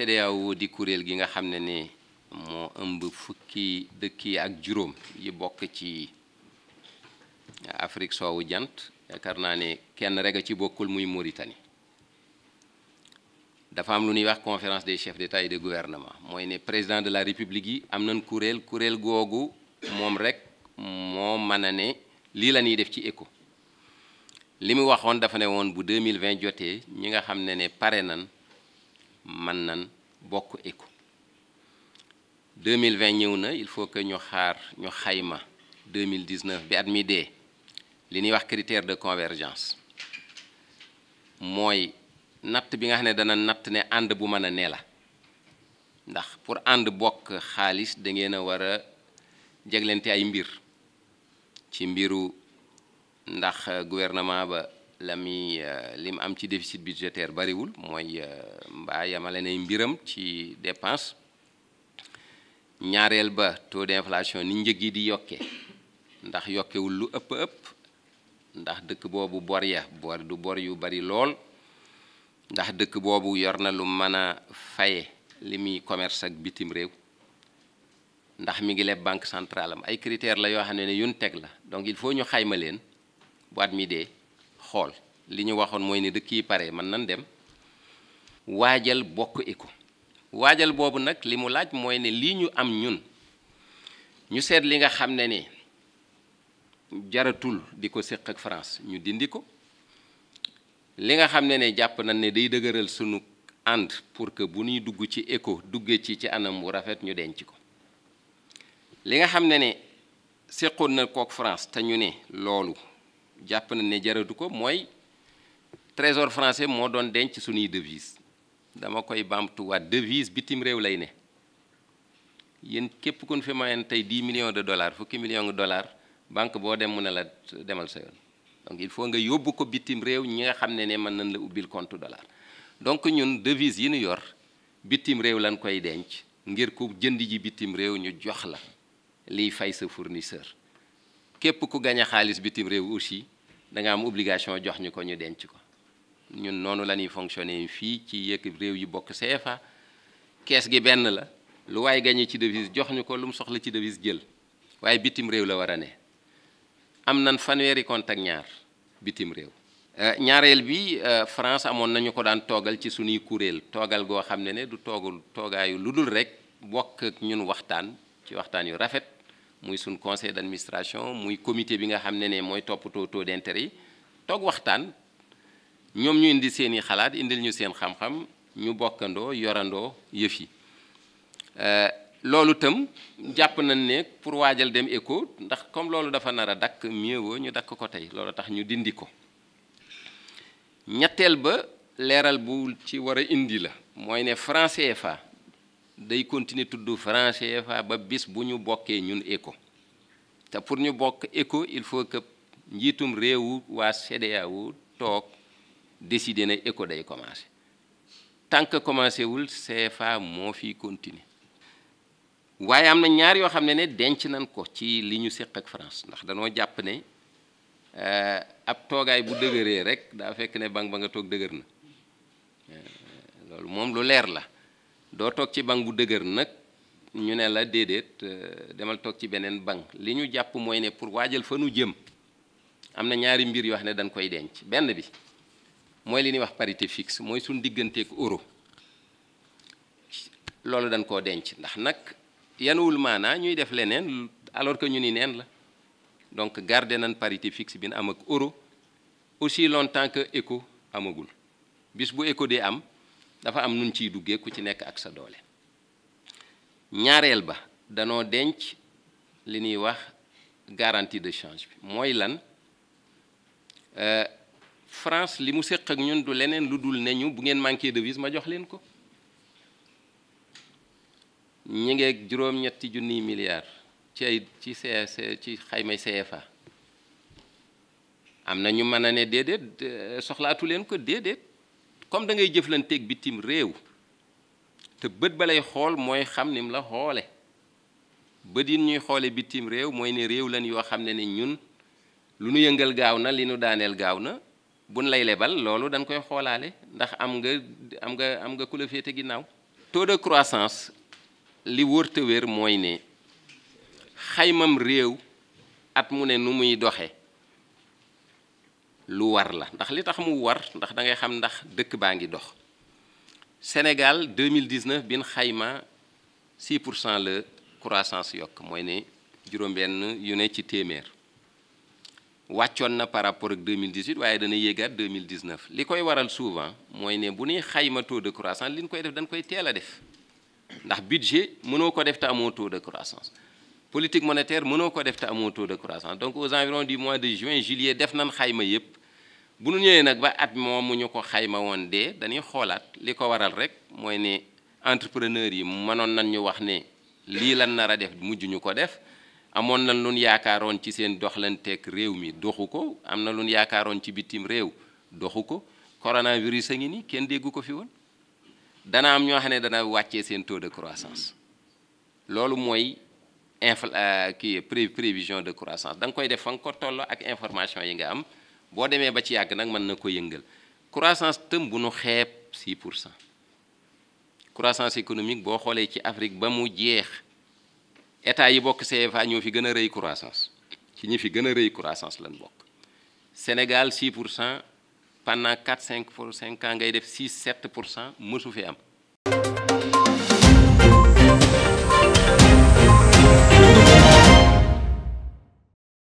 CEDEAO di kuréel gi nga xam ne ne moo ëmb fukki dëkk yi ak juróom yi bokk ci Afrique soowu jant yaakaar naa ne kenn rek a ci bokkul muy Mauritanie dafa am lu nuy wax conférence des chef d'État et de gouvernement mooy ne président de la république yi am nañ kuréel kuréel googu moom rek moo mën a ne lii la ñuy def ci ECO li mu waxoon dafa ne woon bu 2020 jotee ñi nga xam ne ne pare nan man nan bokk éco 2020 ñëw na il faut que ñu xaar ñu xayma 2019 bi at mi dee li ñuy wax critère de convergence mooy natt bi nga xam ne dana natt ne ànd bu mën a ne ndax pour ànd bokk xaalis da ngeen a war a jeglente ay mbir ci mbiru ndax gouvernement ba la muy euh, li mu am ci déficit budgétaire bariwul mooy euh, mbaa yamale ay mbiram ci dépense ñaareel ba taux d'inflation ni njëg yi di yokke ndax yokkewul lu ëpp ëpp ndax dëkk boobu bor ya du bor yu bari lool ndax dëkk boobu yor na lu mën a faye li muy commerce ak bitim réew ndax mi ngi leb banque centrale am ay critères la yoo xam ne ne yun teg la donc il faut ñu xayma leen bu at mi dee xool li ñu waxoon mooy ni dëkk yi pare mën na dem waajal bokk éco waajal boobu nag li mu laaj mooy ne lii ñu am ñun ñu seet li nga xam ne ne jaratul di ko séq ak France ñu dindi ko li nga xam ne ne jàpp nañ ne day dëgëral sunu ànd pour que bu dugg ci éco duggee ci ci anam bu rafet ñu denc ko li nga xam ne ne séqoon na kook France te ñu ne loolu jàpp na ne jaradu ko mooy trésor français moo doon denc suñuy devise dama koy baamtuwaat devise bitim réew lay ne yéen képp kun fi mayoon tey 10 millions de dollars fukki millions de dollars banque boo dem mun ne la demal sa yoon il faut nga yóbbu ko bitim réew ñi nga xam ne ne mën nañ la ubbil compte dollar donc ñun devise yi nu yor bitim réew lañ koy denc ngir ku jënd ji bitim réew ñu jox la liy fay sa fournisseur képp ku gañ a xaalis bitim réew aussi da am obligation jox ñu ko ñu denc ko ñun noonu la ñuy fonctionner fii ci yëkk réew yi bokk CFA kees gi benn la lu waaye gañe ci devise jox ñu ko lu mu soxla ci devise jël waaye bitim réew la war a ne am nan fanweeri conte ak ñaar bitim réew euh, ñaareel bi euh, France amoon nañu ko daan toogal ci suñuy kuréel toogal goo xam ne ne du toogul toogaayu lu dul rek bokk ak ñun waxtaan ci waxtaan yu rafet muy suñ conseil d'administration muy comité bi nga xam ne ne mooy toppatoo taux d'intérêt yi toog waxtaan ñoom ñu indi seen i xalaat indil ñu seen xam-xam ñu bokkandoo yorandoo yëf yi euh, loolu itam jàpp nañ ne pour waajal dem éco ndax comme loolu dafa nar a dakk mieux ñu dakk ko tey loolu tax ñu dindi ko ñetteel ba leeral bu ci war a indi la mooy ne franc CFA day continuer tudd franc CFA ba bis bu ñu bokkee ñun ECO te pour ñu bokk éco il faut que njiitum réewu waa CEDEAO toog décider na éco day commencé tant que commencé wul CFA moo fi continuer waaye am na ñaar yoo xam ne ne denc nañ ko ci li ñu séq ak France ndax danoo jàpp ne eh, ab toogaay bu dëgëree rek daa fekk ne bang ba nga toog dëgër na eh, loolu moom lu leer la doo toog ci banc bu dëgër nag ñu ne la déedéet euh, demal toog ci beneen banc li ñu jàpp mooy ne pour waajal fa nu jëm am na ñaari mbir yoo xam ne dañ koy denc benn bi mooy li ñuy wax parité fixe mooy suñ digganteeg euro loolu dañ koo denc ndax nag yanuwul maanaa ñuy def leneen alors que ñu ni neen la donc garder nañ parité fixe bi nu amag ak euro aussi longtemps que éco amagul bis bu éco dee am dafa am nun ciy duggee ku ci nekk ak sa doole ñaareel ba danoo denc li ñuy wax garantie de change bi mooy lan euh, France li mu séq ak ñun du leneen lu dul ne ñu bu ngeen manqué devise ma jox leen ko ñi ngeeg juróom-ñetti junniy milliards ci ay ci CFA ci xaymay CFA am na ñu mën a ne déedéet euh, soxlaatu leen ko déedéet comme da ngay jëflanteeg bitim réew te bët ba lay xool mooy xam nim la xoole bët yi ñuy xoole bitim réew mooy ne réew lan yoo xam ne ne ñun lu nu yëngal gaaw na li nu daaneel gaaw na buñ lay lebal loolu danga koy xoolaale ndax am nga am nga am nga ku la ginnaaw taux de croissance li wóor mooy ne xaymam réew at mu ne nu muy doxe lu war la ndax li tax mu war ndax da ngay xam ndax dëkk baa ngi dox Sénégal 2019 bin xayma 6 pour cent la croissance yokk mooy ne juróom-benn yu ne ci téeméer wàccoon na par rapport ak 2018 waaye dana yéegaat 2019 li koy waral souvent mooy ne bu ñuy xayma taux de croissance li ñu koy def dañ koy teel a def ndax budget mënoo ko def te amoo taux de croissance politique monétaire mënoo ko def te amoo taux croissance donc aux environs du mois de juin juillet def nan xayma yëpp bu nu ñëwee nag ba at moom mu ñu ko xayma woon dee dañuy xoolaat li ko waral rek mooy ne entrepreneur yi mënoon nañ ñu wax ne lii lan nar a def mujj ñu ko def amoon na lu yaakaaroon ci seen doxalanteeg réew mi doxu ko am na lu yaakaaroon ci bitim réew doxu ko coronavirus a ngi nii kenn déggu ko fi woon dana am ñoo xam ne dana wàccee seen taux de croissance loolu mooy infl euh, kii prévision de croissance da nga koy def fa nga ko tolloo ak information yi nga am. boo demee ba ci yàgg nag mën na ko yëngal croissance tëm bu nu xeeb 6 pour cent croissance économique boo xoolee ci Afrique ba mu jeex état yi bokk see CFA ñoo fi gën a rëy croissance ci ñi fi gën a rëy croissance lan bokk Sénégal 6 pour cent pendant 4 5 pour 5 ans ngay def 6 7 pour cent mësu fi am